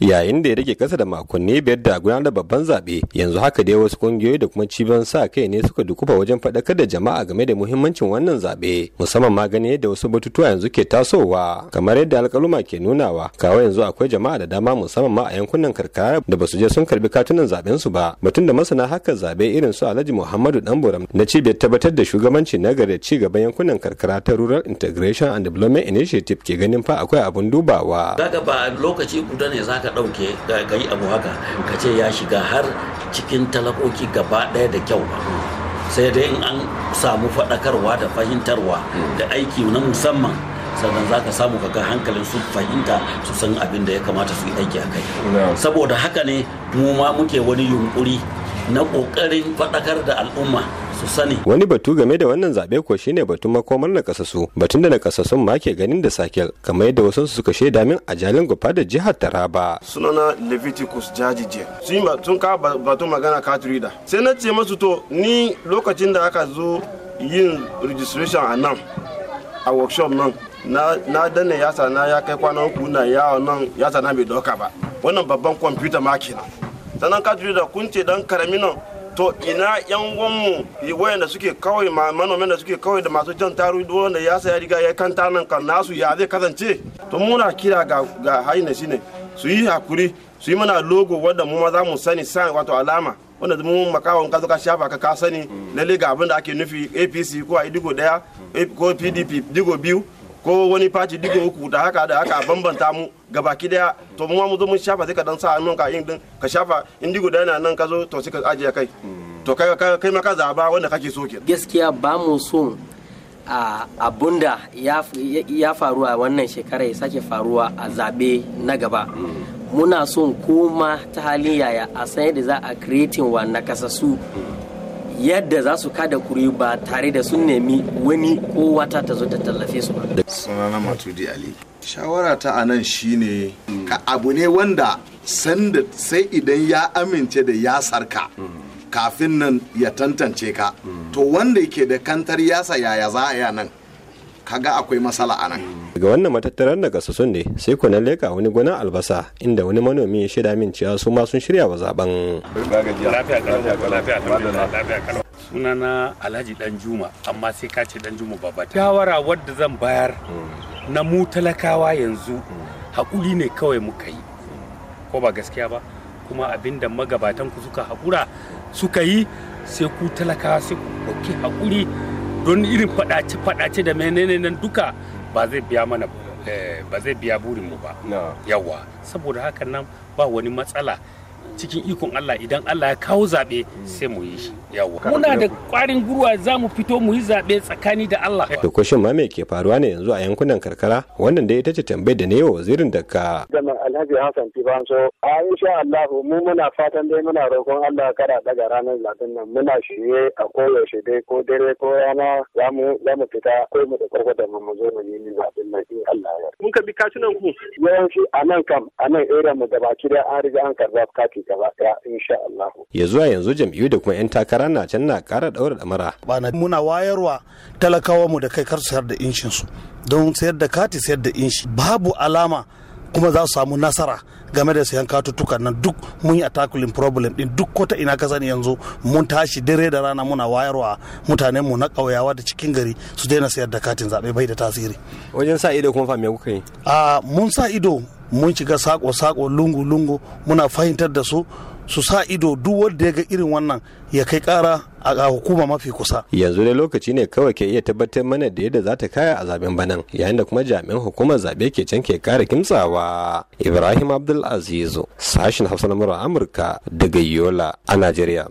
yayin da ya rage kasa da makonni biyar da gudanar da babban zaɓe yanzu haka dai wasu kungiyoyi da kuma cibiyar sa kai ne suka dukufa wajen faɗakar da jama'a game da muhimmancin wannan zaɓe musamman ma gani yadda wasu batutuwa yanzu ke tasowa kamar yadda alƙaluma ke nunawa kawo yanzu akwai jama'a da dama musamman ma a yankunan karkara da basu je sun karbi katunan zaɓen su ba batun da masana haka zaɓe irin su Alhaji Muhammadu dan buram na cibiyar tabbatar da shugabanci na gari ci gaban yankunan karkara ta Rural Integration and Development Initiative ke ganin fa akwai abun dubawa. Daga ba lokaci guda ne zaka ka ɗauke ka yi abu haka ka ce ya shiga har cikin talakoki gaba ɗaya da kyau ba sai dai in an samu faɗakarwa da fahimtarwa da aiki na musamman sannan za ka samu kaga hankalin su fahimta su san abin da ya kamata su yi aiki a kai saboda haka ne mu ma muke wani yunkuri na ƙoƙarin faɗakar da al'umma su sani. Wani batu game da wannan zaɓe ko shine batun makomar na kasasu batun da na kasasun ma ke ganin da sakel kamar yadda wasu suka shaida min a jalin gufa da jihar Taraba. Sunana Leviticus Jajije. Sun batun ka batun magana ka da. Sai na ce masu to ni lokacin da aka zo yin registration a nan a workshop nan na danne yasa na ya kai kwanan uku na yawon nan yasa na bai doka ba. Wannan babban kwamfuta ma kenan. sannan ka da kun dan karami nan to ina yan gwanmu wayanda suke kawai manomen da suke kawai da masu jan taru wanda ya ya riga ya kanta nan kan nasu ya zai kasance to muna kira ga ga haina shine su yi hakuri su yi mana logo wanda mu ma za mu sani sa wato alama wanda mu makawan ka ka shafa ka ka sani mm. lalle ga abin da ake nufi APC ko a digo daya ko PDP digo biyu ko wani faci digin uku da haka da haka bambanta mu ga baki daya to mu mu zo mun shafa sai ka dan sa hannun ka yin din ka shafa in digo da nan ka zo to sai ka ajiye kai to kai kai ma ka zaba wanda kake so ke gaskiya ba mu so abunda ya faru a wannan shekara ya sake faruwa a zabe na gaba muna son koma ta halin yaya a san yadda za a creating wa nakasassu yadda za su kada kuri ba tare da sun nemi wani kowata wata ta zo ta tallafe su ba. sunana matudi ali shawara ta a nan shine ka abu ne wanda sanda sai idan ya amince da ya sarka kafin nan ya tantance ka to wanda yake da kantar yasa yaya za a nan kaga akwai matsala a nan daga wannan matattarar da gasasun ne sai ku na leka wani gonan albasa inda wani manomi ya shida min cewa su ma sun shirya wa zaben sunana alhaji dan juma amma sai ka ce dan juma baba shawara wadda zan bayar hmm. na mu talakawa yanzu hmm. haƙuri ne kawai muka yi ko ba gaskiya ba kuma abinda magabatan ku suka haƙura suka yi sai ku talakawa sai ku ɗauki haƙuri don irin faɗace-faɗace da menene nan duka ba zai biya mana eh, ba zai biya burinmu ba yawa saboda hakan nan ba wani matsala cikin ikon Allah idan Allah ya kawo zaɓe hmm. sai mu yi shi muna da ƙwarin gurwa za mu fito mu yi zaɓe tsakani da Allah to kwashin ma me ke faruwa ne yanzu a yankunan karkara wannan da ita ce tambayi da ne wa wazirin da ka zaman Alhaji Hassan Tibanso a insha Allah mu muna fatan dai muna roƙon Allah kada daga ranar zaɓen nan muna shirye a koyaushe dai ko dare ko rana za mu za mu fita ko mu da kwarkwata da mu zo mu yi zaɓen nan in Allah ya mun ka bi ku yawanci a nan kam a nan area mu baki da an riga an karɓa kati aiki gaba daya insha Allah ya zuwa yanzu jam'iyyu da kuma yan takara na can na kara daura damara bana muna wayarwa talakawa mu da kai kar sayar da inshin su don sayar da kati sayar da inshi babu alama kuma za su samu nasara game da sayan katuttuka nan duk mun yi takulin problem din duk kota ina ka sani yanzu mun tashi dare da rana muna wayarwa mutanen mu na ƙauyawa da cikin gari su daina sayar da katin zaɓe bai da tasiri wajen sa ido kuma fa me kuka yi a ah, mun sa ido mun shiga sako-sako lungu-lungu muna fahimtar da su su sa ido duk wanda ya ga irin wannan ya kai kara a hukuma mafi kusa. Yanzu ne lokaci ne kawai ke iya tabbatar mana da yadda za ta kaya a zaben banan yayin da kuma jami'an hukumar zabe ke can ke kara kimtsawa. Ibrahim abdulaziz sashin Hausa na Amurka daga Yola a Najeriya.